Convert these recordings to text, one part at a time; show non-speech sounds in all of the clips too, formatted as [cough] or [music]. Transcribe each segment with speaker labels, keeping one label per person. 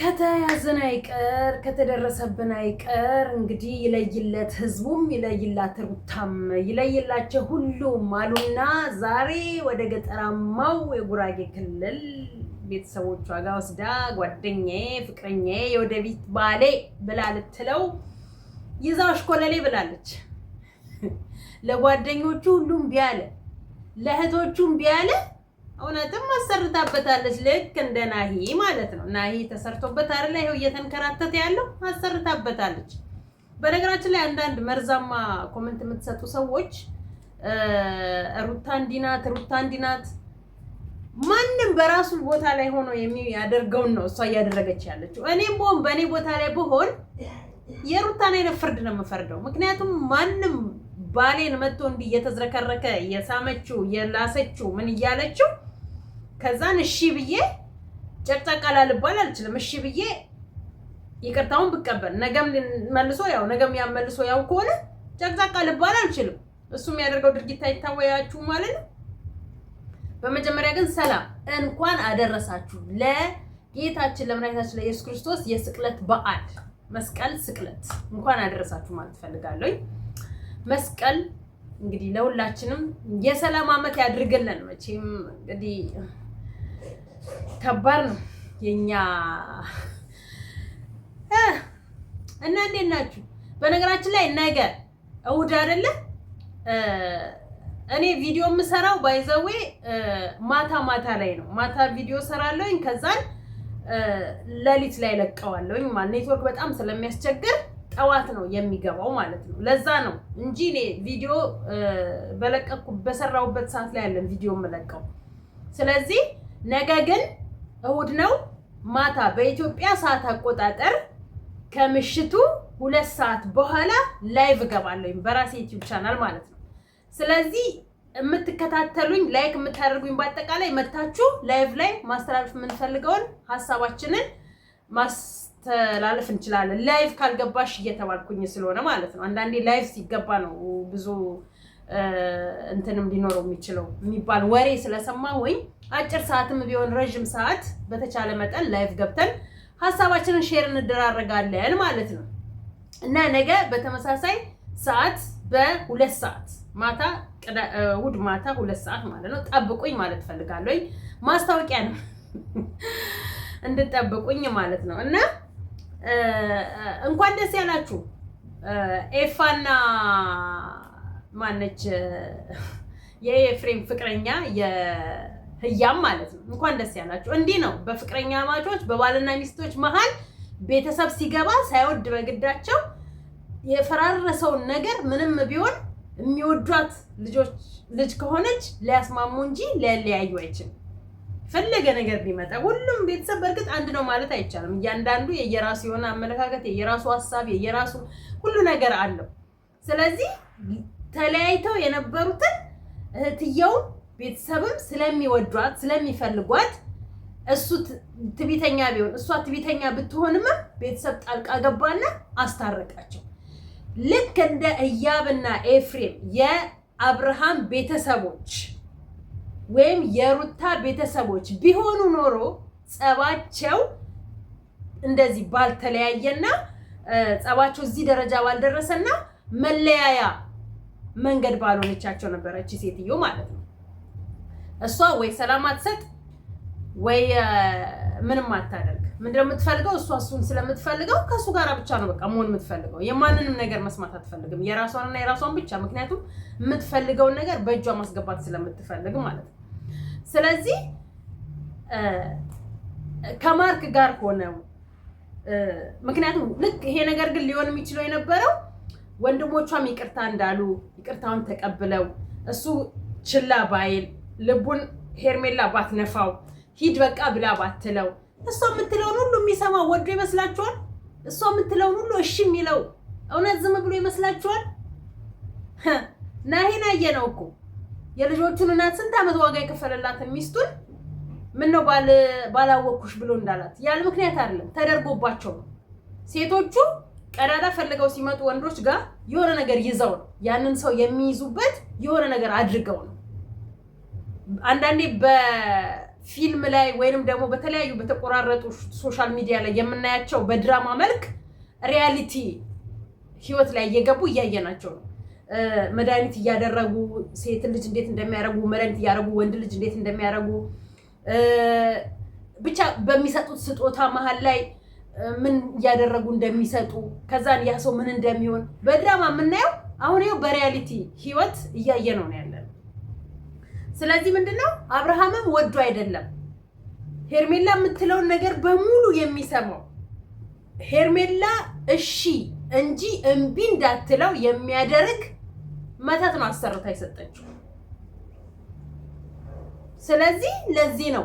Speaker 1: ከተያዘን አይቀር ከተደረሰብን አይቀር እንግዲህ ይለይለት፣ ህዝቡም ይለይላት፣ ሩታም ይለይላቸው ሁሉም አሉና ዛሬ ወደ ገጠራማው የጉራጌ ክልል ቤተሰቦቿ ጋር ወስዳ ጓደኛዬ፣ ፍቅረኛዬ፣ የወደፊት ባሌ ብላ ልትለው ይዛው ሽኮለሌ ብላለች። ለጓደኞቹ ሁሉም ቢያለ ለእህቶቹም ቢያለ እውነትም አሰርታበታለች። ልክ እንደ ናሂ ማለት ነው። ናሂ ተሰርቶበት አይደለ? ይኸው እየተንከራተተ ያለው አሰርታበታለች። በነገራችን ላይ አንዳንድ መርዛማ ኮመንት የምትሰጡ ሰዎች ሩታ እንዲህ ሩታ እንዲህ ማንም በራሱ ቦታ ላይ ሆኖ የሚያደርገውን ነው እሷ እያደረገች ያለችው። እኔም ብሆን በእኔ ቦታ ላይ ብሆን የሩታን አይነት ፍርድ ነው የምፈርደው። ምክንያቱም ማንም ባሌን መጥቶ እንዲህ እየተዝረከረከ የሳመችው የላሰችው ምን እያለችው ከዛን እሺ ብዬ ጨቅጨቅ ልባል አልችልም። እሺ ብዬ ይቅርታውን ብቀበል ነገም መልሶ ያው ነገም ያመልሶ ያው ከሆነ ጨቅጨቅ ልባል አልችልም። እሱ የሚያደርገው ድርጊት አይታወያችሁ ማለት ነው። በመጀመሪያ ግን ሰላም እንኳን አደረሳችሁ ለጌታችን ለመድኃኒታችን ለኢየሱስ ክርስቶስ የስቅለት በዓል መስቀል ስቅለት እንኳን አደረሳችሁ ማለት እፈልጋለሁ። መስቀል እንግዲህ ለሁላችንም የሰላም ዓመት ያድርግልን። መቼም እንግዲህ ከባድ ነው የኛ እና እንዴት ናችሁ? በነገራችን ላይ ነገ እውድ አይደለ? እኔ ቪዲዮ የምሰራው ባይዘዌ ማታ ማታ ላይ ነው። ማታ ቪዲዮ ሰራለሁኝ፣ ከዛን ሌሊት ላይ ለቀዋለሁኝ። ማ ኔትወርክ በጣም ስለሚያስቸግር ጠዋት ነው የሚገባው ማለት ነው። ለዛ ነው እንጂ እኔ ቪዲዮ በለቀኩ በሰራሁበት ሰዓት ላይ ያለን ቪዲዮ የምለቀው ስለዚህ ነገ ግን እሁድ ነው ማታ በኢትዮጵያ ሰዓት አቆጣጠር ከምሽቱ ሁለት ሰዓት በኋላ ላይቭ እገባለሁኝ በራሴ ዩቲዩብ ቻናል ማለት ነው። ስለዚህ የምትከታተሉኝ ላይክ የምታደርጉኝ በአጠቃላይ መታችሁ ላይቭ ላይ ማስተላለፍ የምንፈልገውን ሀሳባችንን ማስተላለፍ እንችላለን። ላይቭ ካልገባሽ እየተባልኩኝ ስለሆነ ማለት ነው። አንዳንዴ ላይቭ ሲገባ ነው ብዙ እንትንም ሊኖረው የሚችለው የሚባል ወሬ ስለሰማ ስለሰማሁኝ አጭር ሰዓትም ቢሆን ረዥም ሰዓት በተቻለ መጠን ላይቭ ገብተን ሀሳባችንን ሼር እንደራረጋለን ማለት ነው እና ነገ በተመሳሳይ ሰዓት በሁለት ሰዓት ማታ እሑድ ማታ ሁለት ሰዓት ማለት ነው ጠብቁኝ ማለት እፈልጋለሁ። ማስታወቂያ ነው [laughs] እንድጠብቁኝ ማለት ነው እና እንኳን ደስ ያላችሁ ኤፋና ማነች የኤፍሬም ፍቅረኛ ህያም ማለት ነው። እንኳን ደስ ያላችሁ። እንዲህ ነው በፍቅረኛ ማቾች በባልና ሚስቶች መሀል ቤተሰብ ሲገባ ሳይወድ በግዳቸው የፈራረሰውን ነገር ምንም ቢሆን የሚወዷት ልጆች ልጅ ከሆነች ሊያስማሙ እንጂ ሊያለያዩ አይችልም። ፈለገ ነገር ቢመጣ ሁሉም ቤተሰብ በእርግጥ አንድ ነው ማለት አይቻልም። እያንዳንዱ የየራሱ የሆነ አመለካከት፣ የየራሱ ሀሳብ፣ የየራሱ ሁሉ ነገር አለው። ስለዚህ ተለያይተው የነበሩትን እህትየውን ቤተሰብም ስለሚወዷት ስለሚፈልጓት እሱ ትቢተኛ ቢሆን እሷ ትቢተኛ ብትሆንማ ቤተሰብ ጣልቃ ገባና አስታረቃቸው። ልክ እንደ እያብና ኤፍሬም የአብርሃም ቤተሰቦች ወይም የሩታ ቤተሰቦች ቢሆኑ ኖሮ ጸባቸው እንደዚህ ባልተለያየና ጸባቸው እዚህ ደረጃ ባልደረሰና መለያያ መንገድ ባልሆነቻቸው ነበረች ሴትዮ ማለት ነው። እሷ ወይ ሰላም አትሰጥ ወይ ምንም አታደርግ። ምንድነው የምትፈልገው? እሷ እሱን ስለምትፈልገው ከእሱ ጋር ብቻ ነው በቃ መሆን የምትፈልገው። የማንንም ነገር መስማት አትፈልግም፣ የራሷንና የራሷን ብቻ። ምክንያቱም የምትፈልገውን ነገር በእጇ ማስገባት ስለምትፈልግ ማለት ነው። ስለዚህ ከማርክ ጋር ሆነው ምክንያቱም ልክ ይሄ ነገር ግን ሊሆን የሚችለው የነበረው ወንድሞቿም ይቅርታ እንዳሉ ይቅርታውን ተቀብለው እሱ ችላ ባይል ልቡን ሄርሜላ ባትነፋው፣ ሂድ በቃ ብላ ባትለው፣ እሷ የምትለውን ሁሉ የሚሰማ ወዶ ይመስላችኋል? እሷ የምትለውን ሁሉ እሺ የሚለው እውነት ዝም ብሎ ይመስላችኋል? ናሂን አየነው እኮ የልጆቹን እናት ስንት ዓመት ዋጋ የከፈለላትን ሚስቱን ምነው ባላወቅኩሽ ብሎ እንዳላት ያለ ምክንያት አይደለም፣ ተደርጎባቸው ነው። ሴቶቹ ቀዳዳ ፈልገው ሲመጡ ወንዶች ጋር የሆነ ነገር ይዘው ነው ያንን ሰው የሚይዙበት የሆነ ነገር አድርገው ነው። አንዳንዴ በፊልም ላይ ወይንም ደግሞ በተለያዩ በተቆራረጡ ሶሻል ሚዲያ ላይ የምናያቸው በድራማ መልክ ሪያሊቲ ህይወት ላይ እየገቡ እያየናቸው ነው። መድኃኒት እያደረጉ ሴት ልጅ እንዴት እንደሚያደርጉ መድኃኒት እያደረጉ ወንድ ልጅ እንዴት እንደሚያደርጉ ብቻ በሚሰጡት ስጦታ መሀል ላይ ምን እያደረጉ እንደሚሰጡ ከዛን ያ ሰው ምን እንደሚሆን በድራማ የምናየው አሁን ይኸው በሪያሊቲ ህይወት እያየ ነው ያለ ስለዚህ ምንድነው አብርሃምም ወዶ አይደለም ሄርሜላ የምትለውን ነገር በሙሉ የሚሰማው ሄርሜላ እሺ እንጂ እምቢ እንዳትለው የሚያደርግ መተት ነው አሰርታ የሰጠችው። ስለዚህ ለዚህ ነው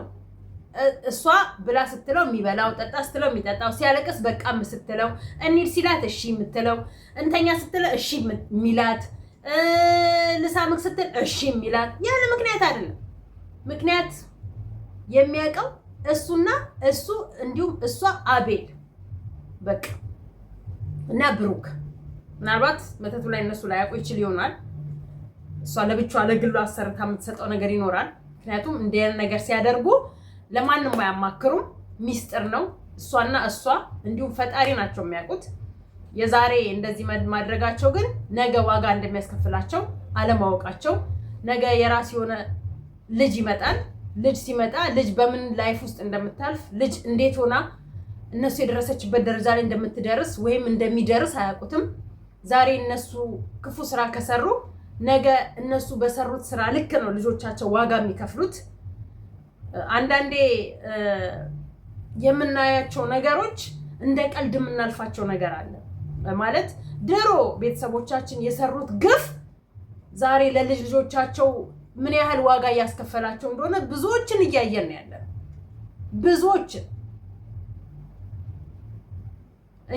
Speaker 1: እሷ ብላ ስትለው የሚበላው፣ ጠጣ ስትለው የሚጠጣው፣ ሲያለቅስ በቃ ስትለው፣ እንሂድ ሲላት እሺ የምትለው፣ እንተኛ ስትለው እሺ የሚላት ልሳምክ ስትል እሺ የሚላት ያለ ምክንያት አይደለም። ምክንያት የሚያውቀው እሱና እሱ እንዲሁም እሷ አቤል በቃ እና ብሩክ ምናልባት መተቱ ላይ እነሱ ላይ ይችል ይሆናል። እሷ ለብቻዋ ለግሉ አሰርታ የምትሰጠው ነገር ይኖራል። ምክንያቱም እንደ ነገር ሲያደርጉ ለማንም አያማክሩም፣ ሚስጥር ነው። እሷና እሷ እንዲሁም ፈጣሪ ናቸው የሚያውቁት። የዛሬ እንደዚህ ማድረጋቸው ግን ነገ ዋጋ እንደሚያስከፍላቸው አለማወቃቸው፣ ነገ የራስ የሆነ ልጅ ይመጣል። ልጅ ሲመጣ ልጅ በምን ላይፍ ውስጥ እንደምታልፍ ልጅ እንዴት ሆና እነሱ የደረሰችበት ደረጃ ላይ እንደምትደርስ ወይም እንደሚደርስ አያውቁትም። ዛሬ እነሱ ክፉ ስራ ከሰሩ ነገ እነሱ በሰሩት ስራ ልክ ነው ልጆቻቸው ዋጋ የሚከፍሉት። አንዳንዴ የምናያቸው ነገሮች እንደ ቀልድ የምናልፋቸው ነገር አለ። ማለት ድሮ ቤተሰቦቻችን የሰሩት ግፍ ዛሬ ለልጅ ልጆቻቸው ምን ያህል ዋጋ እያስከፈላቸው እንደሆነ ብዙዎችን እያየን ነው ያለን። ብዙዎችን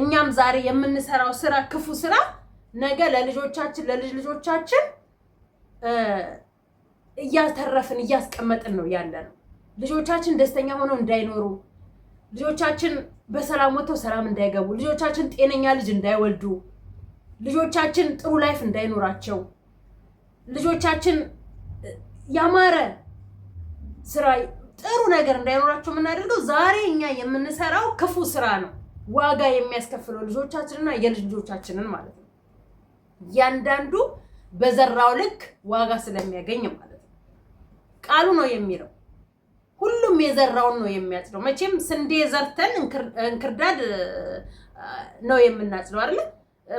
Speaker 1: እኛም ዛሬ የምንሰራው ስራ ክፉ ስራ ነገ ለልጆቻችን ለልጅ ልጆቻችን እያተረፍን እያስቀመጥን ነው ያለ ነው። ልጆቻችን ደስተኛ ሆነው እንዳይኖሩ ልጆቻችን በሰላም ወጥተው ሰላም እንዳይገቡ፣ ልጆቻችን ጤነኛ ልጅ እንዳይወልዱ፣ ልጆቻችን ጥሩ ላይፍ እንዳይኖራቸው፣ ልጆቻችን ያማረ ስራ ጥሩ ነገር እንዳይኖራቸው የምናደርገው ዛሬ እኛ የምንሰራው ክፉ ስራ ነው። ዋጋ የሚያስከፍለው ልጆቻችንና የልጅ ልጆቻችንን ማለት ነው። እያንዳንዱ በዘራው ልክ ዋጋ ስለሚያገኝ ማለት ነው። ቃሉ ነው የሚለው ሁሉም የዘራውን ነው የሚያጭደው። መቼም ስንዴ ዘርተን እንክርዳድ ነው የምናጭደው አይደለ?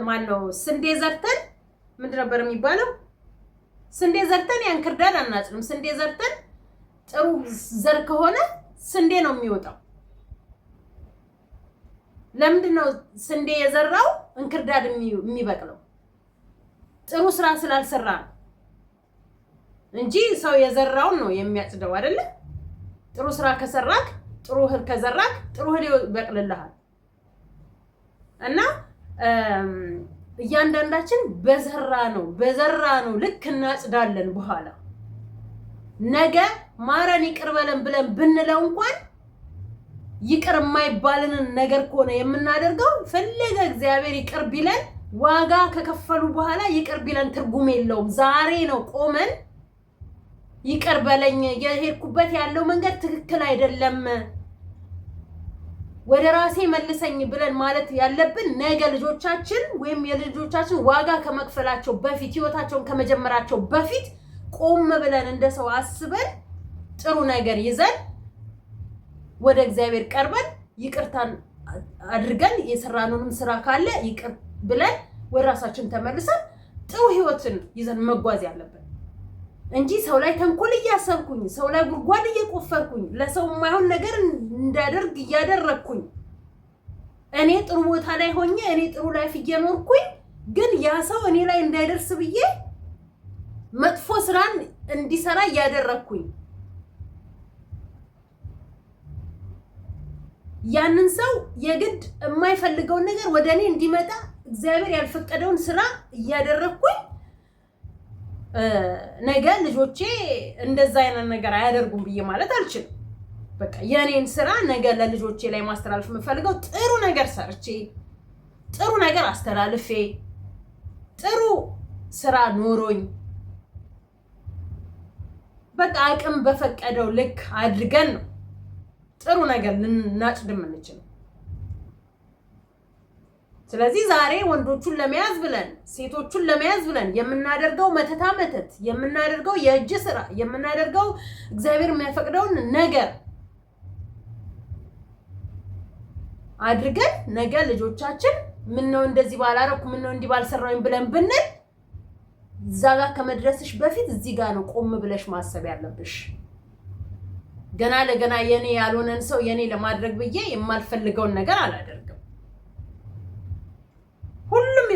Speaker 1: ማን ነው ስንዴ ዘርተን ምንድን ነበር የሚባለው? ስንዴ ዘርተን ያንክርዳድ ክርዳድ አናጭድም። ስንዴ ዘርተን ጥሩ ዘር ከሆነ ስንዴ ነው የሚወጣው። ለምንድን ነው ስንዴ የዘራው እንክርዳድ የሚበቅለው? ጥሩ ስራ ስላልሰራ ነው እንጂ ሰው የዘራውን ነው የሚያጭደው አይደለም? ጥሩ ስራ ከሰራክ፣ ጥሩ እህል ከዘራክ፣ ጥሩ እህል ይበቅልልሃል እና እያንዳንዳችን በዘራ ነው በዘራ ነው ልክ እናጽዳለን። በኋላ ነገ ማረን ይቅር በለን ብለን ብንለው እንኳን ይቅር የማይባልንን ነገር ከሆነ የምናደርገው ፈለገ እግዚአብሔር ይቅር ቢለን ዋጋ ከከፈሉ በኋላ ይቅር ቢለን ትርጉም የለውም። ዛሬ ነው ቆመን ይቅር በለኝ፣ የሄድኩበት ያለው መንገድ ትክክል አይደለም፣ ወደ ራሴ መልሰኝ ብለን ማለት ያለብን ነገ ልጆቻችን ወይም የልጆቻችን ዋጋ ከመክፈላቸው በፊት ህይወታቸውን ከመጀመራቸው በፊት ቆም ብለን እንደ ሰው አስበን ጥሩ ነገር ይዘን ወደ እግዚአብሔር ቀርበን ይቅርታን አድርገን የሰራነውንም ስራ ካለ ይቅር ብለን ወደ ራሳችን ተመልሰን ጥሩ ህይወትን ይዘን መጓዝ ያለብን እንጂ ሰው ላይ ተንኮል እያሰብኩኝ ሰው ላይ ጉድጓድ እየቆፈርኩኝ ለሰው የማይሆን ነገር እንዳደርግ እያደረግኩኝ እኔ ጥሩ ቦታ ላይ ሆኜ እኔ ጥሩ ላይፍ እየኖርኩኝ ግን ያ ሰው እኔ ላይ እንዳይደርስ ብዬ መጥፎ ስራን እንዲሰራ እያደረግኩኝ ያንን ሰው የግድ የማይፈልገውን ነገር ወደ እኔ እንዲመጣ እግዚአብሔር ያልፈቀደውን ስራ እያደረግኩኝ ነገ ልጆቼ እንደዛ አይነት ነገር አያደርጉም ብዬ ማለት አልችልም። በቃ የኔን ስራ ነገ ለልጆቼ ላይ ማስተላለፍ የምፈልገው ጥሩ ነገር ሰርቼ ጥሩ ነገር አስተላልፌ ጥሩ ስራ ኖሮኝ በቃ አቅም በፈቀደው ልክ አድርገን ነው ጥሩ ነገር ልናጭድ የምንችለው። ስለዚህ ዛሬ ወንዶቹን ለመያዝ ብለን ሴቶቹን ለመያዝ ብለን የምናደርገው መተታ መተት የምናደርገው የእጅ ስራ የምናደርገው እግዚአብሔር የሚያፈቅደውን ነገር አድርገን ነገ ልጆቻችን ምን ነው እንደዚህ ባላረኩ ምን ነው እንዲህ ባልሰራሁኝ ብለን ብንል እዛ ጋር ከመድረስሽ በፊት እዚህ ጋር ነው ቆም ብለሽ ማሰብ ያለብሽ። ገና ለገና የኔ ያልሆነን ሰው የኔ ለማድረግ ብዬ የማልፈልገውን ነገር አላደርግም።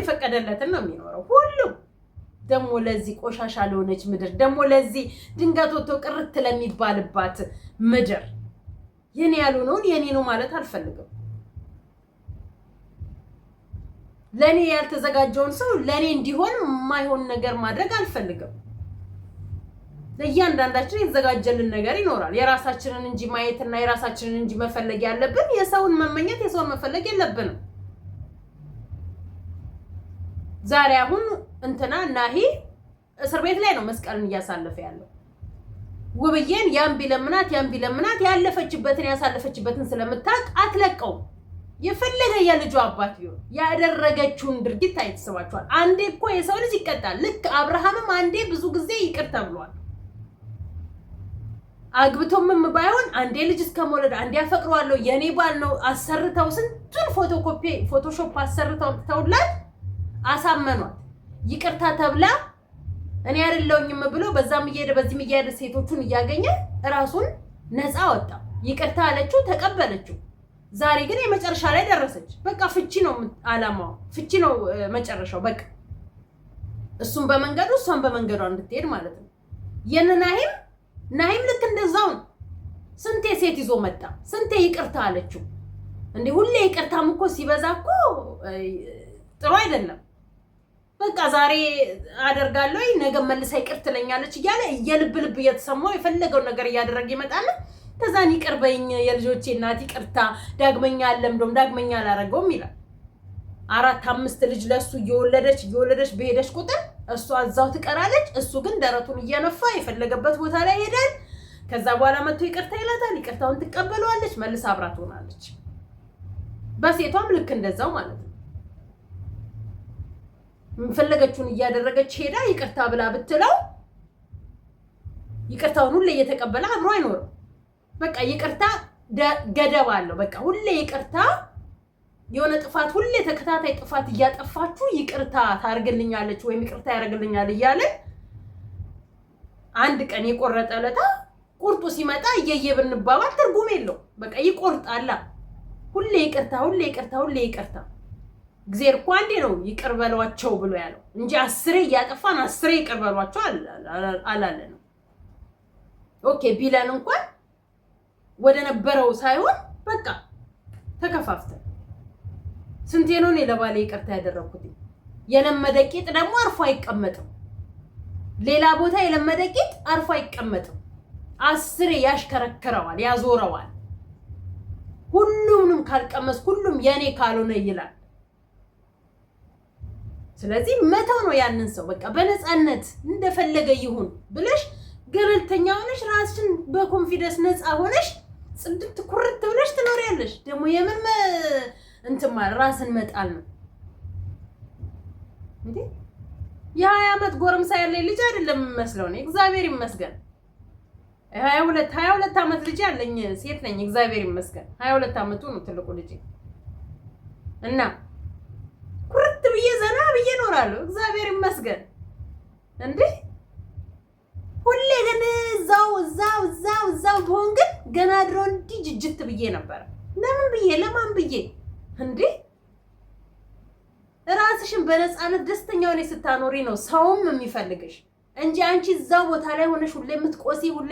Speaker 1: የፈቀደለትን ነው የሚኖረው ሁሉም ደግሞ ለዚህ ቆሻሻ ለሆነች ምድር ደግሞ ለዚህ ድንገት ወጥቶ ቅርት ለሚባልባት ምድር የኔ ያልሆነውን የኔ ነው ማለት አልፈልግም። ለእኔ ያልተዘጋጀውን ሰው ለእኔ እንዲሆን የማይሆን ነገር ማድረግ አልፈልግም። ለእያንዳንዳችን የተዘጋጀልን ነገር ይኖራል። የራሳችንን እንጂ ማየትና የራሳችንን እንጂ መፈለግ ያለብን የሰውን መመኘት የሰውን መፈለግ የለብንም። ዛሬ አሁን እንትና ናሂ እስር ቤት ላይ ነው መስቀልን እያሳለፈ ያለው። ውብዬን ያን ቢለምናት ያን ቢለምናት ያለፈችበትን ያሳለፈችበትን ስለምታውቅ አትለቀው። የፈለገ የልጁ አባት ቢሆን ያደረገችውን ድርጊት አይተሰባችኋል። አንዴ እኮ የሰው ልጅ ይቀጣል። ልክ አብርሃምም አንዴ ብዙ ጊዜ ይቅር ተብሏል። አግብቶም ባይሆን አንዴ ልጅ እስከ መውለድ አንዴ አፈቅረዋለሁ የኔ ባል ነው አሰርተው ስንቱን ፎቶኮፒ ፎቶሾፕ አሰርተው ተውላት አሳመኗል። ይቅርታ ተብላ እኔ አይደለሁኝም ብሎ በዛም እየሄደ በዚህም እየሄደ ሴቶቹን እያገኘ እራሱን ነፃ ወጣ። ይቅርታ አለችው፣ ተቀበለችው። ዛሬ ግን የመጨረሻ ላይ ደረሰች። በቃ ፍቺ ነው አላማው፣ ፍቺ ነው መጨረሻው። በቃ እሱም በመንገዱ እሷም በመንገዷ እንድትሄድ ማለት ነው። የነ ናሂም ናሂም ልክ እንደዛው ነው። ስንቴ ሴት ይዞ መጣ፣ ስንቴ ይቅርታ አለችው። እንዲህ ሁሌ ይቅርታም እኮ ሲበዛ እኮ ጥሩ አይደለም። በቃ ዛሬ አደርጋለሁ ነገ መልሳ ይቅር ትለኛለች እያለ የልብ ልብ እየተሰማው የፈለገው ነገር እያደረገ ይመጣል። ከዛን ይቅር በይኝ የልጆቼ እናት ይቅርታ፣ ዳግመኛ አለምዶም ዳግመኛ አላረገውም ይላል። አራት አምስት ልጅ ለእሱ እየወለደች እየወለደች በሄደች ቁጥር እሷ እዛው ትቀራለች። እሱ ግን ደረቱን እየነፋ የፈለገበት ቦታ ላይ ይሄዳል። ከዛ በኋላ መጥቶ ይቅርታ ይላታል። ይቅርታውን ትቀበለዋለች፣ መልስ አብራ ትሆናለች። በሴቷም ልክ እንደዛው ማለት ነው። ፈለገችውን እያደረገች ሄዳ ይቅርታ ብላ ብትለው ይቅርታውን ሁሌ እየተቀበለ አብሮ አይኖርም። በቃ ይቅርታ ገደብ አለው። በቃ ሁሌ ይቅርታ የሆነ ጥፋት ሁሌ ተከታታይ ጥፋት እያጠፋችሁ ይቅርታ ታርግልኛለች ወይም ይቅርታ ያደርግልኛል እያለ አንድ ቀን የቆረጠ ለታ ቁርጡ ሲመጣ እየየ ብንባባል ትርጉም የለው። በቃ ይቆርጣላ። ሁሌ ይቅርታ፣ ሁሌ ይቅርታ፣ ሁሌ ይቅርታ እግዜር እኮ አንዴ ነው ይቅር በሏቸው ብሎ ያለው እንጂ አስሬ እያጠፋን አስሬ ይቅር በሏቸው ነው። ኦኬ ቢለን እንኳን ወደ ነበረው ሳይሆን በቃ ተከፋፍተን ስንቴ ነው እኔ ለባሌ ይቅርታ ያደረኩት? የለመደ ቂጥ ደግሞ አርፎ አይቀመጥም። ሌላ ቦታ የለመደ ቂጥ አርፎ አይቀመጥም። አስሬ ያሽከረክረዋል፣ ያዞረዋል። ሁሉንም ካልቀመስ ሁሉም የኔ ካልሆነ ይላል። ስለዚህ መተው ነው ያንን ሰው በቃ በነፃነት እንደፈለገ ይሁን ብለሽ ገለልተኛ ሆነሽ ራስሽን በኮንፊደንስ ነፃ ሆነሽ ጽድት ኩርት ብለሽ ትኖሪያለሽ። ደግሞ የምን እንትን ማለት ራስን መጣል ነው እንዴ? የሀያ ዓመት ጎረምሳ ያለኝ ልጅ አይደለም የምመስለው ነው። እግዚአብሔር ይመስገን ሀያ ሁለት ሀያ ሁለት ዓመት ልጅ ያለኝ ሴት ነኝ። እግዚአብሔር ይመስገን ሀያ ሁለት ዓመቱ ነው ትልቁ ልጅ እና ኩርት ብዬ ብዬ እኖራለሁ። እግዚአብሔር ይመስገን። እንዴ ሁሌ ግን እዛው እዛው እዛው እዛው ብሆን ግን ገና ድሮ እንዲህ ጅጅት ብዬ ነበረ። ለምን ብዬ ለማን ብዬ እንዴ ራስሽን በነፃነት ደስተኛ ሆነሽ ስታኖሪ ነው ሰውም የሚፈልግሽ እንጂ አንቺ እዛው ቦታ ላይ ሆነሽ ሁሌ የምትቆሲ ሁሌ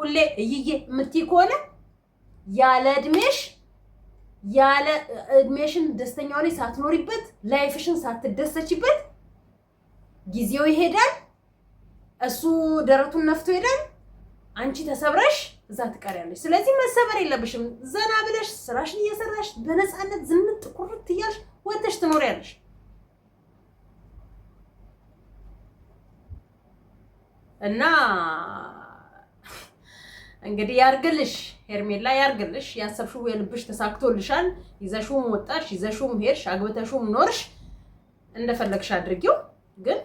Speaker 1: ሁሌ እይዬ የምትይ ከሆነ ያለ እድሜሽ ያለ እድሜሽን ደስተኛ ሆነ ሳትኖሪበት ላይፍሽን ሳትደሰችበት ጊዜው ይሄዳል። እሱ ደረቱን ነፍቶ ይሄዳል። አንቺ ተሰብረሽ እዛ ትቀሪያለሽ። ስለዚህ መሰበር የለብሽም። ዘና ብለሽ ስራሽን እየሰራሽ በነፃነት ዝንጥ ኩርት እያልሽ ወተሽ ትኖሪያለሽ። እና እንግዲህ ያርግልሽ። ሄርሜላ ያርግልሽ። ያሰብሽው የልብሽ ተሳክቶልሻል። ይዘሽውም ወጣሽ፣ ይዘሽውም ሄድሽ፣ አግብተሽውም ኖርሽ። እንደፈለግሽ አድርጊው። ግን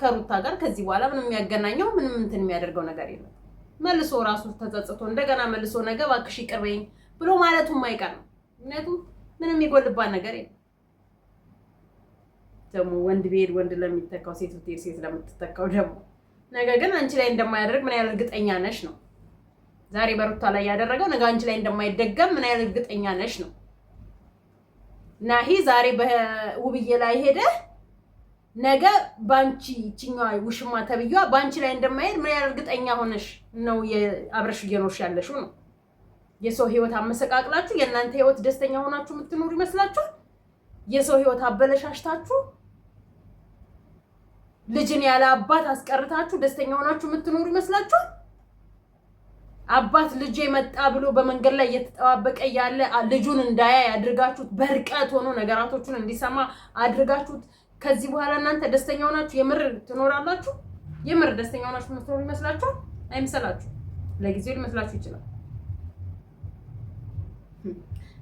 Speaker 1: ከሩታ ጋር ከዚህ በኋላ ምንም የሚያገናኘው ምንም እንትን የሚያደርገው ነገር የለም። መልሶ ራሱ ተጸጽቶ እንደገና መልሶ ነገ እባክሽ ይቅር በይኝ ብሎ ማለቱም አይቀር ነው። ምክንያቱም ምንም የሚጎልባት ነገር የለም። ደግሞ ወንድ ብሄድ ወንድ ለሚተካው፣ ሴት ብትሄድ ሴት ለምትተካው ደግሞ ነገ ግን አንቺ ላይ እንደማያደርግ ምን ያህል እርግጠኛ ነሽ ነው ዛሬ በሩታ ላይ ያደረገው ነገ አንቺ ላይ እንደማይደገም ምን ያህል እርግጠኛ ነሽ ነው። ናሂ ዛሬ በውብዬ ላይ ሄደ፣ ነገ ባንቺ ይችኛዋ ውሽማ ተብዬዋ ባንቺ ላይ እንደማይሄድ ምን ያህል እርግጠኛ ሆነሽ ነው አብረሽ እየኖርሽ ያለሽው ነው። የሰው ህይወት አመሰቃቅላችሁ የእናንተ ህይወት ደስተኛ ሆናችሁ የምትኖሩ ይመስላችሁ የሰው ህይወት አበለሻሽታችሁ ልጅን ያለ አባት አስቀርታችሁ ደስተኛ ሆናችሁ የምትኖሩ ይመስላችሁ አባት ልጄ መጣ ብሎ በመንገድ ላይ እየተጠባበቀ ያለ ልጁን እንዳያይ አድርጋችሁት፣ በርቀት ሆኖ ነገራቶቹን እንዲሰማ አድርጋችሁት፣ ከዚህ በኋላ እናንተ ደስተኛ ሆናችሁ የምር ትኖራላችሁ? የምር ደስተኛ ሆናችሁ የምትኖሩ ይመስላችኋል? አይምሰላችሁ። ለጊዜው ሊመስላችሁ ይችላል።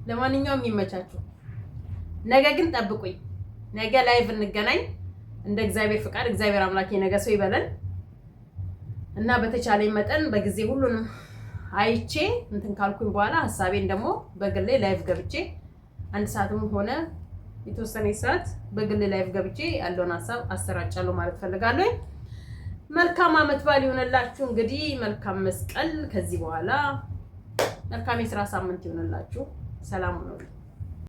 Speaker 1: ለማንኛውም ይመቻችሁ። ነገ ግን ጠብቁኝ። ነገ ላይቭ እንገናኝ፣ እንደ እግዚአብሔር ፍቃድ። እግዚአብሔር አምላክ የነገ ሰው ይበለን እና በተቻለ መጠን በጊዜ ሁሉንም አይቼ እንትን ካልኩኝ በኋላ ሀሳቤን ደግሞ በግሌ ላይቭ ገብቼ አንድ ሰዓትም ሆነ የተወሰነ ሰዓት በግሌ ላይቭ ገብቼ ያለውን ሀሳብ አሰራጫለሁ ማለት ፈልጋለሁ። መልካም አመት በዓል ይሆንላችሁ። እንግዲህ መልካም መስቀል ከዚህ በኋላ መልካም የስራ ሳምንት ይሆንላችሁ። ሰላም ነው።